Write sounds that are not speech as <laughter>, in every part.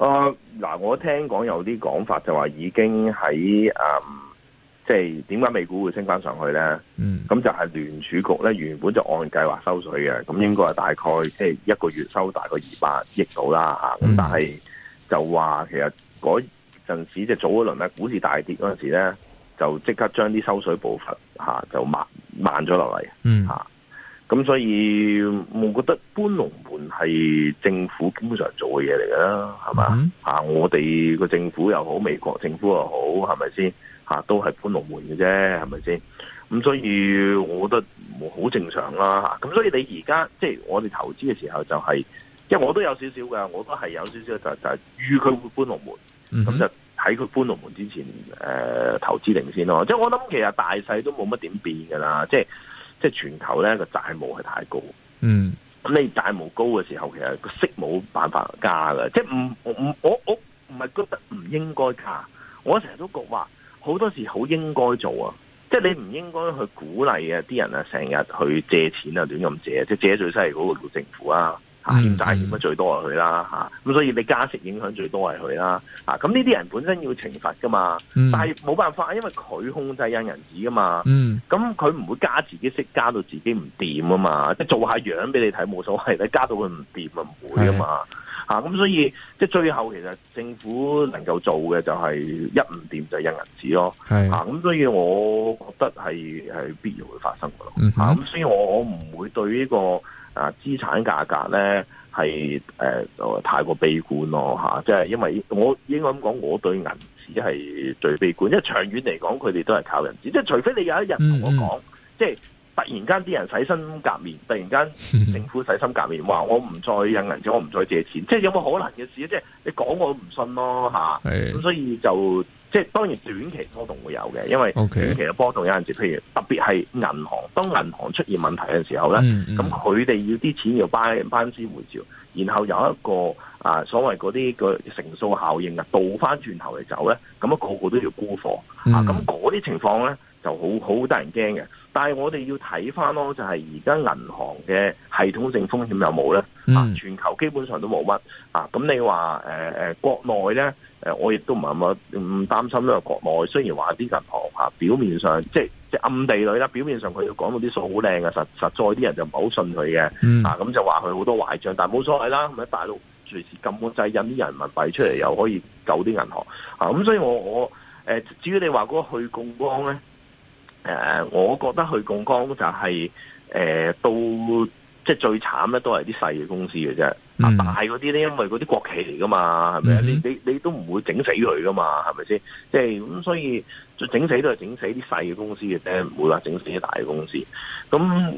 啊嗱、呃，我聽講有啲講法就話已經喺誒、嗯，即係點解美股會升翻上去咧？嗯，咁就係聯儲局咧原本就按計劃收水嘅，咁應該係大概即係、嗯、一個月收大概二百億到啦吓，咁但係就話其實嗰陣時即係早一輪咧，股市大跌嗰陣時咧，就即刻將啲收水部分、啊、就慢慢咗落嚟。嗯吓。咁所以我覺得搬龍門係政府基本上做嘅嘢嚟噶啦，係嘛？吓、mm hmm. 啊，我哋個政府又好，美國政府又好，係咪先？吓、啊，都係搬龍門嘅啫，係咪先？咁所以我覺得好正常啦。吓，咁所以你而家即係我哋投資嘅時候、就是，就係，即係我都有少少㗎，我都係有少少就是、就預、是、佢會搬龍門，咁、mm hmm. 就喺佢搬龍門之前，誒、呃，投資定先咯。即係我諗，其實大細都冇乜點變噶啦，即係。即係全球咧個債務係太高，嗯，咁你債務高嘅時候，其實個息冇辦法加㗎，即係唔，唔，我，我唔係覺得唔應該加，我成日都講話好多時好應該做啊，即係你唔應該去鼓勵啊啲人啊成日去借錢啊亂咁借，即係借最犀利嗰個叫政府啊。欠債欠得最多係佢啦，吓咁、嗯啊、所以你加息影響最多係佢啦，吓咁呢啲人本身要懲罰噶嘛，嗯、但係冇辦法，因為佢控制印銀紙噶嘛，咁佢唔會加自己息加到自己唔掂啊嘛，即係做下樣俾你睇冇所謂，你加到佢唔掂咪唔會啊嘛，吓咁是的、啊、所以即係最後其實政府能夠做嘅就係一唔掂就印銀紙咯，吓咁是的、啊、所以我覺得係係必要會發生噶咯，吓咁、嗯哼 啊、所以我我唔會對呢、這個。啊，資產價格咧係誒，太過悲觀咯嚇，即係因為我應該咁講，我對銀紙係最悲觀，因為長遠嚟講，佢哋都係靠銀紙，即係除非你有一日同我講，嗯嗯即係突然間啲人洗心革面，突然間政府洗心革面，話我唔再印銀紙，我唔再借錢，即係有冇可能嘅事啊？即係你講，我唔信咯嚇，咁是的 所以就。即係當然短期波動會有嘅，因為短期嘅波動有陣時，譬如特別係銀行，當銀行出現問題嘅時候咧，咁佢哋要啲錢要班班師回朝，然後有一個啊、呃、所謂嗰啲個乘數效應啊倒翻轉頭嚟走咧，咁啊個個都要沽貨、嗯、啊，咁嗰啲情況咧就好好得人驚嘅。但係我哋要睇翻咯，就係而家銀行嘅系統性風險有冇咧？啊，全球基本上都冇乜。啊，咁、嗯嗯嗯嗯嗯、你話誒誒國內咧？誒，我亦都唔係咁唔擔心啦。國內，雖然話啲銀行表面上，即係即係暗地裏啦，表面上佢要講到啲數好靚嘅，實在啲人就唔係好信佢嘅。嗯、啊，咁就話佢好多壞帳，但係冇所謂啦。咁喺大陸隨時禁管制，印啲人民幣出嚟又可以救啲銀行。咁、啊、所以我我誒，至於你話嗰個去槓桿咧，我覺得去槓桿就係、是呃、到即係最慘咧，都係啲細嘅公司嘅啫。啊、大嗰啲咧，因為嗰啲國企嚟噶嘛，係咪啊？你你你都唔會整死佢噶嘛，係咪先？即係咁，所以整死都係整死啲細嘅公司嘅啫，唔會話整死啲大嘅公司。咁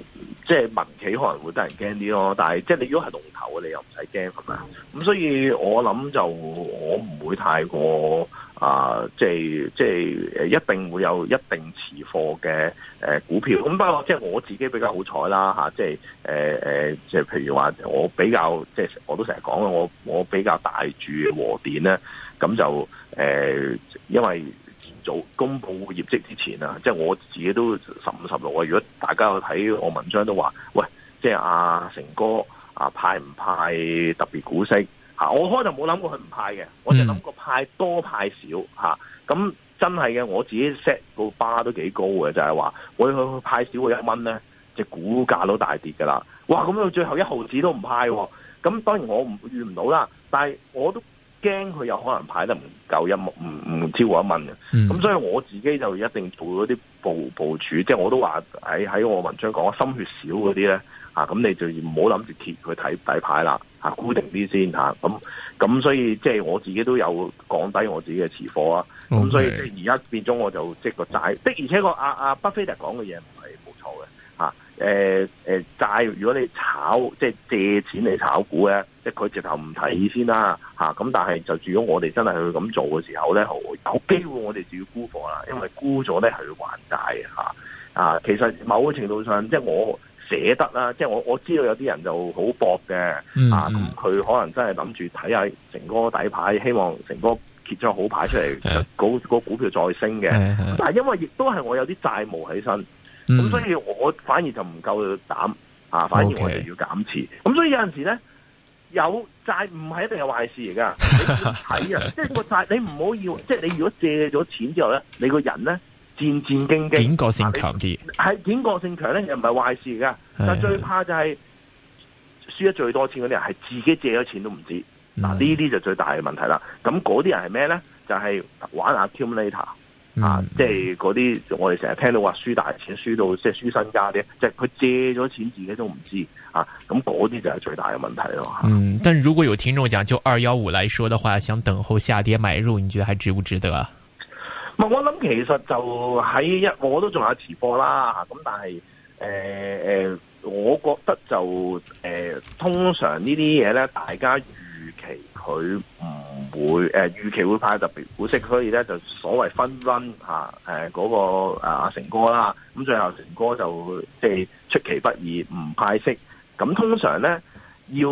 即係民企可能會得人驚啲咯，但係即係你如果係龍頭，你又唔使驚，係咪啊？咁所以我諗就我唔會太過。啊，即係即係一定會有一定持貨嘅誒、呃、股票，咁包括即係我自己比較好彩啦嚇，即係誒誒，即係、呃、譬如話我比較即係我都成日講啦，我我比較大住和電咧，咁就誒、呃，因為前早公佈業績之前啊，即係我自己都十五十六啊，如果大家有睇我文章都話，喂，即係阿、啊、成哥啊派唔派特別股息？我開頭冇諗過佢唔派嘅，我就諗過派多派少吓。咁、嗯啊、真係嘅，我自己 set 個 bar 都幾高嘅，就係、是、話我要去派少個一蚊咧，隻股價都大跌噶啦。哇！咁到最後一毫子都唔派，咁當然我唔預唔到啦。但係我都驚佢有可能派得唔夠一蚊，唔唔超過一蚊嘅。咁、嗯啊、所以我自己就一定做咗啲部部署，即係我都話喺喺我文章講心血少嗰啲咧，吓、啊、咁你就唔好諗住揭佢睇底牌啦。看看固定啲先咁咁所以即係我自己都有降低我自己嘅持貨啊，咁 Okay. 所以即係而家變咗我就即係個債的,、啊啊、的,的，而且個阿阿畢菲特講嘅嘢唔係冇錯嘅嚇。誒、啊啊、債如果你炒即係借錢嚟炒股咧，即係佢直頭唔睇先啦、啊、咁、啊、但係就住咗我哋真係去咁做嘅時候咧，好有機會我哋自己沽貨啦，因為沽咗咧係去還債嘅啊,啊，其實某個程度上即係我。捨得啦，即係我我知道有啲人就好搏嘅，嗯、啊，咁佢可能真係諗住睇下成哥底牌，希望成哥揭咗好牌出嚟，嗰的股票再升嘅。的但係因為亦都係我有啲債務喺身，咁、嗯、所以我反而就唔夠膽啊，反而我就要減持。咁 Okay. 所以有陣時咧，有債唔係一定係壞事嚟噶，你要睇啊，即係 <laughs> 個債你唔好要，要，即、就、係、是、你如果借咗錢之後咧，你個人咧。戰戰兢兢，警覺性強啲係警覺性強咧，又唔係壞事噶。但最怕就係輸得最多錢嗰啲人，係自己借咗錢都唔知。嗱呢啲就最大嘅問題啦。咁嗰啲人係咩咧？就係、是、玩阿 Accumulator，嗯、啊，即係嗰啲我哋成日聽到話輸大錢、輸到即係輸身家啲，即係佢借咗錢自己都唔知啊。咁嗰啲就係最大嘅問題咯。嗯，但如果有聽眾講，就二幺五來說嘅話，想等候下跌買入，你覺得還值不值得、啊？我諗其實就喺一，我都仲有持貨啦，咁但係誒誒，我覺得就誒、呃、通常呢啲嘢咧，大家預期佢唔會，誒、呃、預期會派特別股息，所以咧就所謂紛紛嚇，嗰、呃那個阿、啊、成哥啦，咁最後成哥就即係出其不意唔派息，咁通常咧要。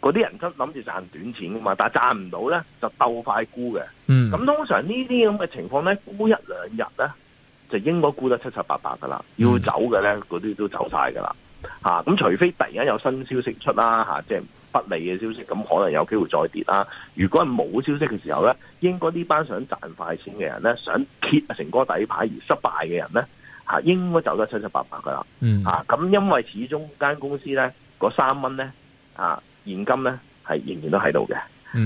嗰啲人諗諗住賺短錢噶嘛，但係賺唔到咧就鬥快沽嘅。咁、嗯、通常這些情況呢啲咁嘅情況咧，沽一兩日咧就應該沽得七七八八噶啦。要走嘅咧，嗰啲都走晒噶啦。吓、啊，咁除非突然間有新消息出啦，吓、啊，即、就、係、是、不利嘅消息，咁可能有機會再跌啦。如果係冇消息嘅時候咧，應該呢班想賺快錢嘅人咧，想揭成個底牌而失敗嘅人咧，吓、啊，應該走得七七八八噶啦。吓、嗯、咁、啊、因為始終間公司咧，嗰三蚊咧，啊。現金咧係仍然都喺度嘅，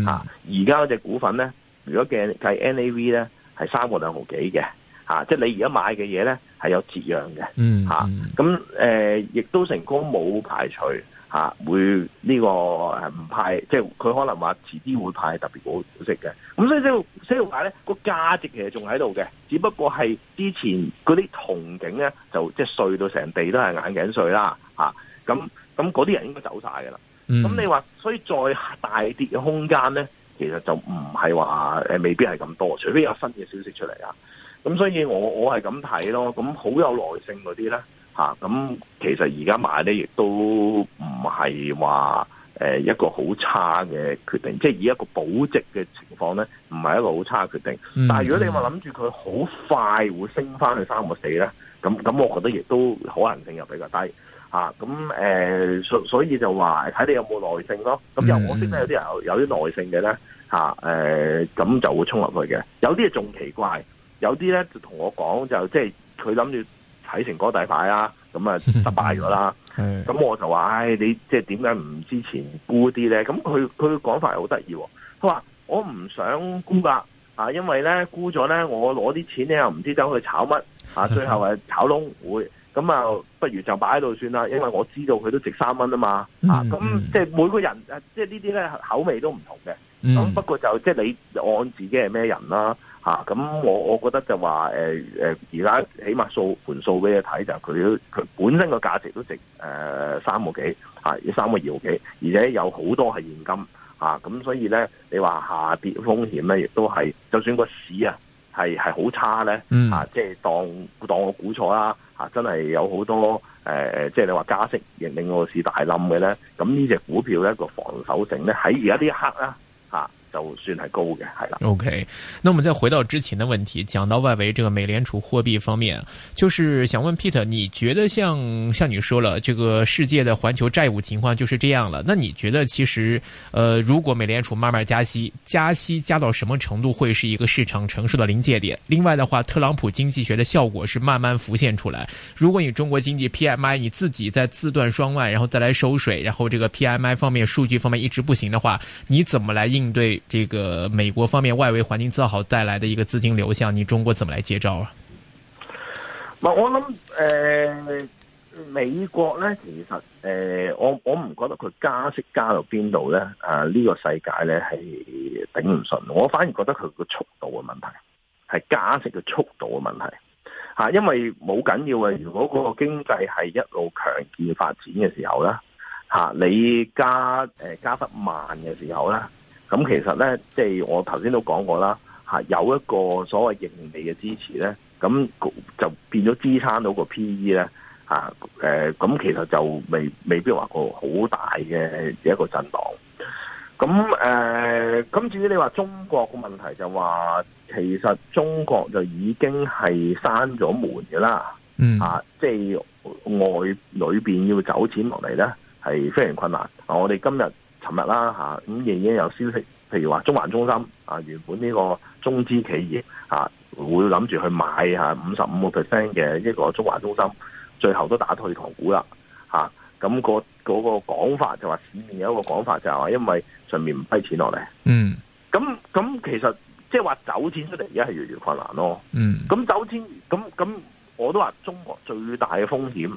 吓，而家嗰隻股份咧，如果計計 NAV 咧係三個兩毫幾嘅，吓、啊、即係你而家買嘅嘢咧係有折讓嘅，吓，咁誒亦都成功冇排除吓、啊、會呢、這個唔、呃、派，即係佢可能話遲啲會派特別股股息嘅。咁、嗯、所以即係即係話咧個價值其實仲喺度嘅，只不過係之前嗰啲銅景咧就即係碎到成地都係眼鏡碎啦，吓，咁咁嗰啲人應該走晒噶啦。咁你話，所以再大跌嘅空間咧，其實就唔係話誒未必係咁多，除非有新嘅消息出嚟啊。咁所以我我係咁睇咯。咁好有耐性嗰啲咧，吓，咁其實而家買咧，亦都唔係話誒一個好差嘅決定，即係以一個保值嘅情況咧，唔係一個好差嘅決定。嗯嗯，但係如果你話諗住佢好快會升翻去三個四咧，咁咁，我覺得亦都可能性又比較低。啊，咁所、呃、所以就話睇你有冇耐性咯。咁又我知呢，有啲人有啲耐性嘅咧，嚇、呃、咁就會衝入去嘅。有啲仲奇怪，有啲咧就同我講，就，就即係佢諗住睇成個大牌啦，咁啊失敗咗啦。咁我就話：唉、哎，你即係點解唔之前沽啲咧？咁佢佢講法係好得意。佢話：我唔想沽㗎，啊，因為咧沽咗咧，我攞啲錢咧又唔知走去炒乜、啊，最後係炒窿會。咁啊，不如就擺喺度算啦，因為我知道佢都值三蚊啊嘛。嚇、mm，咁、hmm. 啊、即係每個人，即係呢啲咧口味都唔同嘅。咁、mm hmm. 不過就即係你按自己係咩人啦、啊。嚇、啊，咁我我覺得就話誒而家起碼數盤數俾你睇，就佢佢本身價、呃、個價值都值誒三個幾三個二毫幾，而且有好多係現金嚇，咁、啊、所以咧，你話下跌風險咧亦都係，就算個市、mm hmm. 啊係係好差咧即係當當我估錯啦。啊、真係有好多誒即係你話加息，亦令個市大冧嘅咧。咁呢隻股票咧，個防守性咧，喺而家呢一刻啦。就算係高嘅，係啦。OK，那我們再回到之前的問題，講到外圍這個美聯儲貨幣方面，就是想問 Peter，你覺得像像你說了，這個世界的環球債務情況就是這樣了，那你覺得其實，呃，如果美聯儲慢慢加息，加息加到什麼程度會是一個市場承受的臨界點？另外的話，特朗普經濟學的效果是慢慢浮現出來。如果你中國經濟 P M I 你自己在自斷雙腕，然後再來收水，然後這個 P M I 方面數據方面一直不行的話，你怎麼來應對？這個美國方面外圍環境造好帶來的一個資金流向，你中國怎麼來接招啊？我諗、呃、美國呢其實誒、呃，我我唔覺得佢加息加到邊度呢啊，呢、這個世界呢係頂唔順，我反而覺得佢個速度嘅問題係加息嘅速度嘅問題吓、啊，因為冇緊要嘅，如果個經濟係一路強勁發展嘅時候咧吓、啊，你加誒、呃、加得慢嘅時候咧。咁其實咧，即係我頭先都講過啦，有一個所謂盈利嘅支持咧，咁就變咗支撐到個 P E 咧，咁、啊啊啊、其實就未未必話個好大嘅一個震盪。咁誒，咁、啊、至於你話中國嘅問題就話，其實中國就已經係閂咗門嘅啦，嗯啊，即係外裏面要走錢落嚟咧，係非常困難。啊、我哋今日。尋日啦嚇，咁亦已經有消息，譬如話中環中心啊，原本呢個中資企業啊，會諗住去買嚇五十五個 percent 嘅一個中環中心，最後都打退堂鼓啦嚇。咁個嗰個講法就話市面有一個講法就係話，因為上面唔批錢落嚟。嗯。咁咁其實即係話走錢出嚟，而家係越越困難咯。嗯。咁走錢，咁咁我都話中國最大嘅風險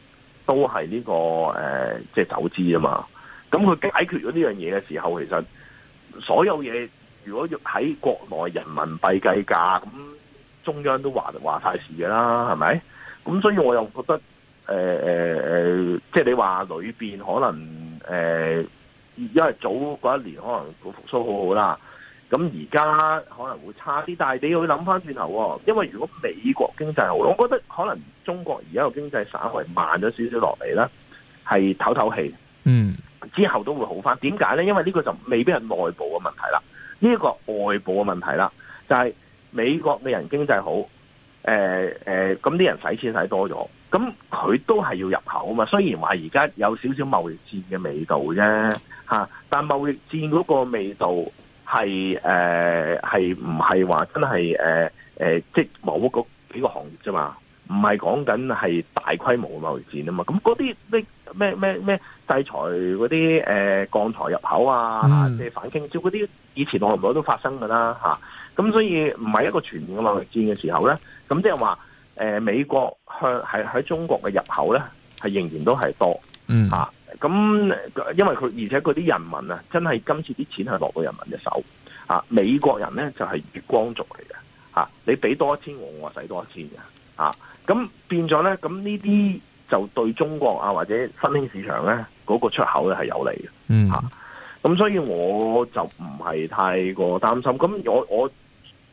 都係呢、呢個誒，即、呃、係、即係、走資啊嘛。咁佢解決咗呢樣嘢嘅時候，其實所有嘢如果喺國內人民幣計價，咁中央都話話曬事嘅啦，係咪？咁所以我又覺得，誒即係你話裏邊可能誒、呃，因為早嗰一年可能個復甦好好啦，咁而家可能會差啲，但係你要諗翻轉頭，因為如果美國經濟好，我覺得可能中國而家個經濟稍為慢咗少少落嚟啦，係唞唞氣，嗯。之後都會好返，點解咧？因為呢個就未必係內部嘅問題啦，呢、這、一個外部嘅問題啦，就係、是、美國嘅人經濟好，咁、呃、啲、呃、人使錢使多咗，咁佢都係要入口啊嘛。雖然話而家有少少貿易戰嘅味道啫、啊，但貿易戰嗰個味道係係唔係話真係即誒，即某個幾個行業啫嘛。唔係講緊係大規模嘅貿易戰啊嘛，咁嗰啲咩咩咩咩制裁嗰啲誒鋼材入口啊，即反傾銷嗰啲，以前我唔到都發生㗎啦嚇。咁所以唔係一個全面嘅貿易戰嘅時候咧，咁即係話美國向係喺中國嘅入口咧，係仍然都係多嚇。咁、嗯啊、因為佢而且嗰啲人民啊，真係今次啲錢係落到人民嘅手啊。美國人咧就係、是、月光族嚟嘅嚇，你俾多一千我我使多一千嘅嚇咁變咗咧，咁呢啲就對中國啊或者新興市場咧嗰、那個出口咧係有利嘅，吓、mm。咁、hmm. 啊、所以我就唔係太過擔心。咁我我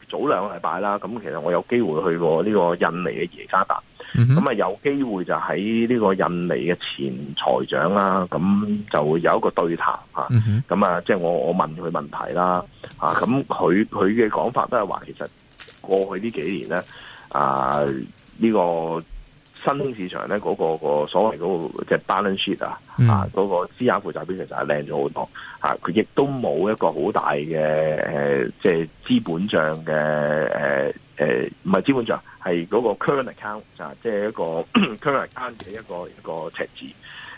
早兩個禮拜啦，咁其實我有機會去過呢個印尼嘅耶加達，咁啊、mm hmm. 有機會就喺呢個印尼嘅前財長啦、啊，咁就會有一個對談吓。咁啊、mm hmm. 啊，即係我我問佢問題啦，咁佢佢嘅講法都係話，其實過去呢幾年咧啊。呢個新興市場咧，嗰個所謂嗰個即係 balance sheet、嗯、啊，那個、負啊嗰個資產負債表其實係靚咗好多嚇，佢亦都冇一個好大嘅誒、呃，即係資本帳嘅誒誒，唔係資本帳係嗰個 current account 啊，即係一個 <coughs> current account 嘅一個一個赤字。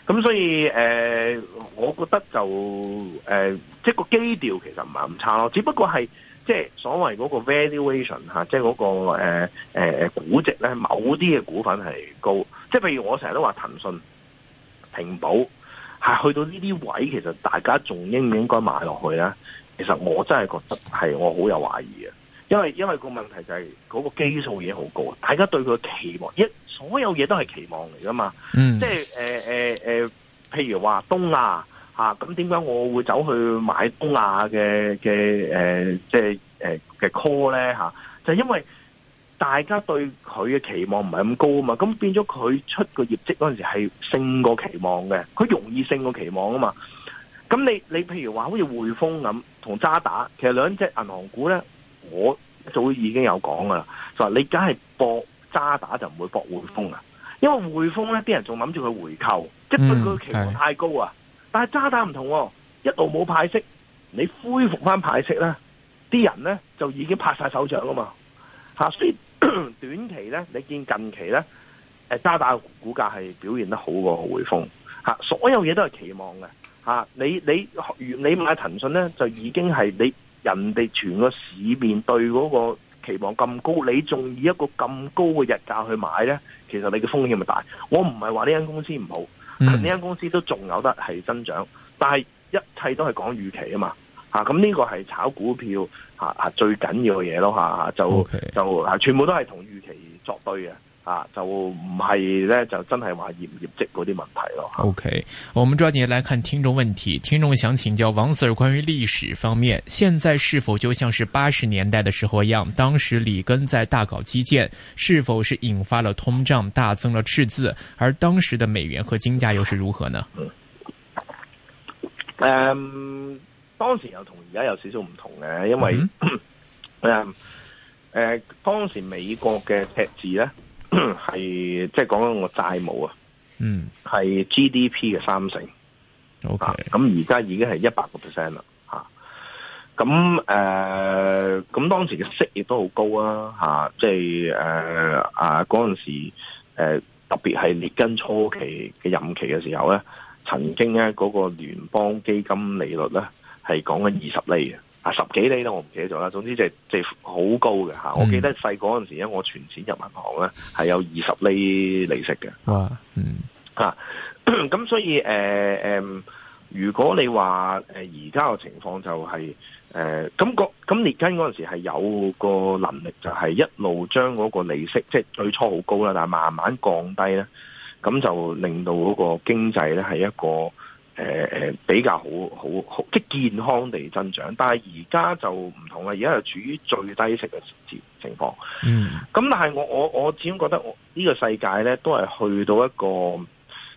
咁所以誒、呃，我覺得就誒、呃，即係個基調其實唔係咁差咯，只不過係即係所謂嗰個 valuation 吓、那個，即係嗰個誒誒估值咧，某啲嘅股份係高，即係譬如我成日都話騰訊平保係去到呢啲位，其實大家仲應唔應該買落去咧？其實我真係覺得係我好有懷疑嘅。因為因為個問題就係嗰個基數嘢好高，大家對佢嘅期望，一所有嘢都係期望嚟噶嘛，嗯、即係誒誒誒，譬如話東亞吓，咁點解我會走去買東亞嘅嘅誒，即係誒嘅 call 咧吓？就係因為大家對佢嘅期望唔係咁高啊嘛，咁變咗佢出個業績嗰陣時係勝過期望嘅，佢容易勝過期望啊嘛。咁你你譬如話好似匯豐咁同渣打，其實兩隻銀行股咧。我早已經有講㗎啦，就話你梗係博渣打就唔會博匯豐啊，因為匯豐咧啲人仲諗住佢回購、嗯、即係佢期望太高啊。的但係渣打唔同，哦，一路冇派息，你恢復翻派息咧，啲人咧就已經拍晒手掌㗎嘛。吓、啊，所以 <coughs> 短期咧，你見近期咧，誒、呃、渣打股價係表現得好過匯豐吓，所有嘢都係期望嘅吓、啊。你你你你買騰訊咧，就已經係你。人哋全個市面對嗰個期望咁高，你仲以一個咁高嘅日價去買呢？其實你嘅風險咪大？我唔係話呢間公司唔好，呢、mm. 間公司都仲有得係增長，但係一切都係講預期嘛啊嘛吓，咁呢個係炒股票、吓吓、最緊要嘅嘢咯、吓、就 Okay. 就、啊、全部都係同預期作對嘅。啊，就唔係咧，就真係話業唔業績嗰啲問題咯。OK，我們抓緊來看聽眾問題。聽眾想請教王 Sir 關於歷史方面，現在是否就像是八十年代的時候一樣？當時里根在大搞基建，是否是引發了通脹、大增了赤字，而當時的美元和金價又是如何呢？嗯，誒、嗯，當時又同而家有少少唔同嘅，因為誒、嗯嗯嗯呃、當時美國嘅赤字呢。係即係講緊我債務啊，嗯，係 GDP 嘅三成，OK，咁而家已經係一百個 percent 啦，吓，咁、啊、誒，咁、呃、當時嘅息亦都好高啊，吓、啊，即係誒啊嗰陣時，誒、呃、特別係列根初期嘅任期嘅時候咧，曾經咧嗰個聯邦基金利率咧係講緊二十厘嘅。十幾厘咧，我唔記得咗啦。總之就係、是，就係、是、好高嘅嚇。嗯、我記得細個嗰陣時，因為我存錢入銀行咧，係有二十厘利息嘅。啊，嗯，嚇、啊，咁所以誒誒、呃呃，如果你話誒而家嘅情況就係、是、誒，咁個咁列根嗰陣時係有個能力就係一路將嗰個利息，即、就、係、是、最初好高啦，但係慢慢降低咧，咁就令到嗰個經濟咧係一個。誒誒、呃，比較好好好，即係健康地增長。但係而家就唔同啦，而家係處於最低息嘅情況。嗯，咁但係我我我始終覺得我，我，這、呢個世界咧都係去到一個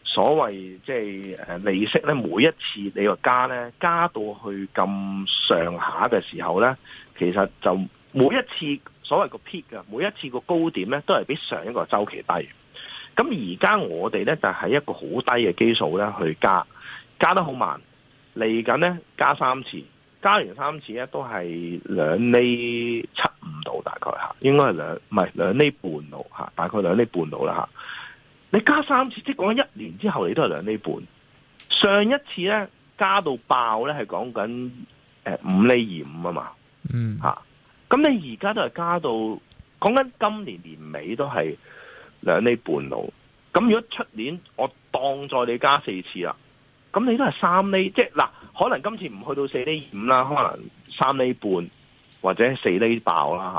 所謂即係誒利息咧，每一次你個加咧，加到去咁上下嘅時候咧，其實就每一次所謂個 peak 㗎，每一次個高點咧，都係比上一個周期低。咁而家我哋咧就喺一個好低嘅基數咧去加。加得好慢，嚟緊咧加三次，加完三次咧都係兩厘七五度，大概吓，應該係兩唔係兩厘半度吓，大概兩厘半度啦吓。你加三次，即係講緊一年之後，你都係兩厘半。上一次咧加到爆咧，係講緊誒五厘二五啊嘛，嗯吓，咁你而家都係加到，講緊今年年尾都係兩厘半度。咁如果出年我當再你加四次啦。咁你都係三厘，即係嗱，可能今次唔去到四厘五啦，可能三厘半或者四厘爆啦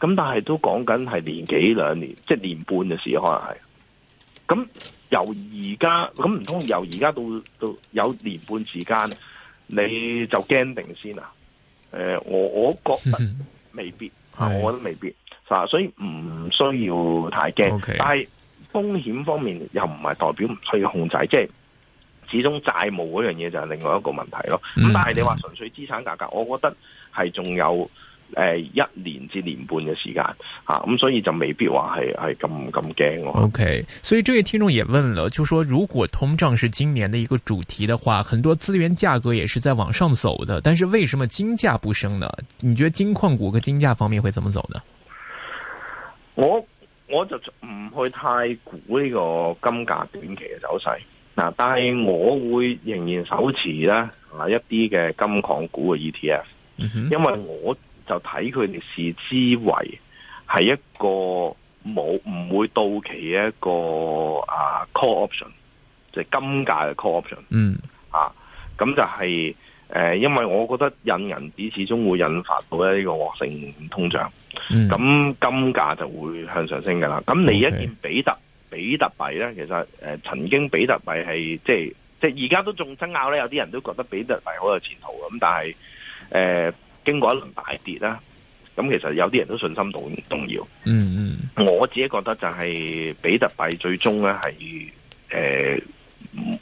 吓。咁但係都講緊係年幾兩年，即係年半嘅事，可能係。咁由而家咁唔通由而家到到有年半時間呢，你就驚定先啦、啊、誒、呃，我我覺得未必我覺得未必，所以唔需要太驚。Okay. 但係風險方面又唔係代表唔需要控制，即係。始終債務嗰樣嘢，就係另外一個問題咯，咁但係你話純粹資產價格，我覺得係仲有誒一年至年半嘅時間吓，咁所以就未必話係係咁咁驚咯。OK，所以這位聽眾也問了，就是說如果通脹是今年的一個主題的話，很多資源價格也是在往上走的，但是為什麼金價不升呢？你覺得金礦股嘅金價方面會怎麼走呢？我我就唔去太估呢個金價短期嘅走勢。嗱，但係我會仍然手持咧啊一啲嘅金礦股嘅 ETF、嗯、哼因為我就睇佢哋視之為係一個冇唔會到期嘅一個啊 call option，即係金價嘅 call option，嗯啊，咁就係誒，因為我覺得印銀紙始終會引發到咧呢個惡性通脹，咁、嗯、金價就會向上升嘅啦。咁你一件比特。比特幣咧，其實誒、呃，曾經比特幣係即係即係，而家都仲爭拗咧。有啲人都覺得比特幣好有前途，咁但係誒、呃，經過一輪大跌啦，咁、啊、其實有啲人都信心度動搖。嗯嗯，mm hmm. 我自己覺得就係、是、比特幣最終咧係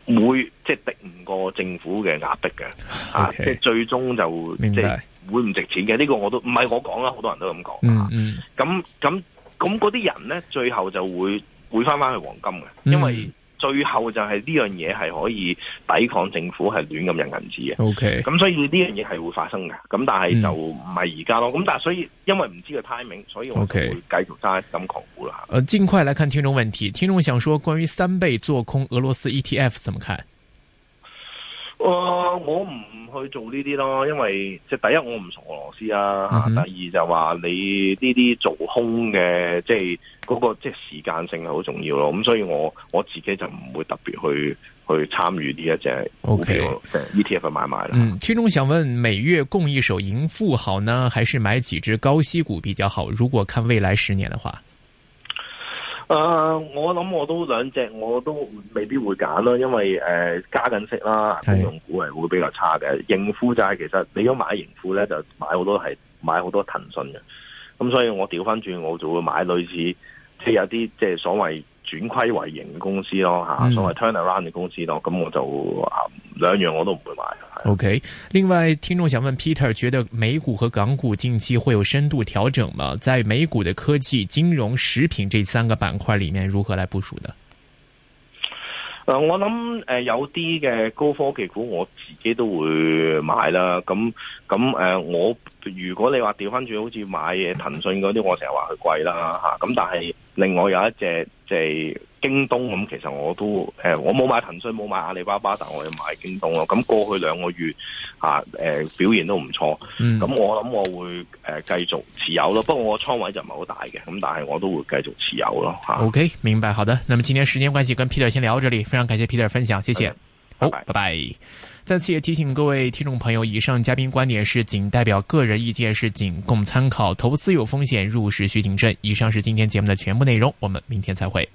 誒，會、呃、即係敵唔過政府嘅壓迫嘅，Okay. 啊，即係最終就白即係會唔值錢嘅。呢、這個我都唔係我講啦，好多人都咁講。咁咁咁嗰啲人咧，最後就會。會翻翻去黃金嘅，因為最後就係呢樣嘢係可以抵抗政府係亂咁印銀紙嘅。OK，咁所以呢樣嘢係會發生嘅，咁但係就唔係而家咯。咁但係所以因為唔知個 timing，所以我會繼續揸金礦股啦。Okay. 呃，盡快來看聽眾問題，聽眾想說關於三倍做空俄羅斯 ETF 怎麼看？哦、我我唔去做呢啲咯，因為即係第一我唔熟俄羅斯啊，第二就話你呢啲做空嘅即係嗰個即係時間性係好重要咯，咁所以我我自己就唔會特別去去參與呢一隻 ok ETF 嘅買賣啦。嗯，聽眾想問，每月供一手盈富好呢，還是買幾支高息股比較好？如果看未來十年的話。Uh, 我諗我都兩隻我都未必會揀囉，因為誒、呃、加緊息啦，公用是股係會比較差嘅。盈富就係其實你如果買盈富呢，就買好多係買好多騰訊嘅。咁所以我調返轉，我就會買類似，即、就、係、是、有啲即係所謂，轉虧為盈嘅公司咯吓，所謂 turnaround 嘅公司咯，咁我就兩樣我都唔會買。OK，另外聽眾想問 Peter，覺得美股和港股近期會有深度調整嗎？在美股的科技、金融、食品這三個板塊裏面，如何來部署呢？我諗誒，有啲嘅高科技股我自己都會買啦。咁咁誒，我如果你話調翻轉，好似買嘢騰訊嗰啲，我成日話佢貴啦吓。咁、啊、但係另外有一隻即係。京東咁，其實我都呃我冇買騰訊，冇買阿里巴巴，但我要買京東咯。咁過去兩個月吓，表現都唔錯。咁、嗯、我諗我會呃繼續持有咯。不過我倉位就唔係好大嘅，咁但係我都會繼續持有咯。o、okay，明白，好的。那麼今天時間關係，跟 Peter 先聊到這裡，非常感謝 Peter 分享，謝謝。Okay, 好，拜拜 okay。再次也提醒各位聽眾朋友，以上嘉賓觀點是僅代表個人意見，是僅供參考，投資有風險，入市需謹慎。以上是今天節目的全部內容，我們明天再會。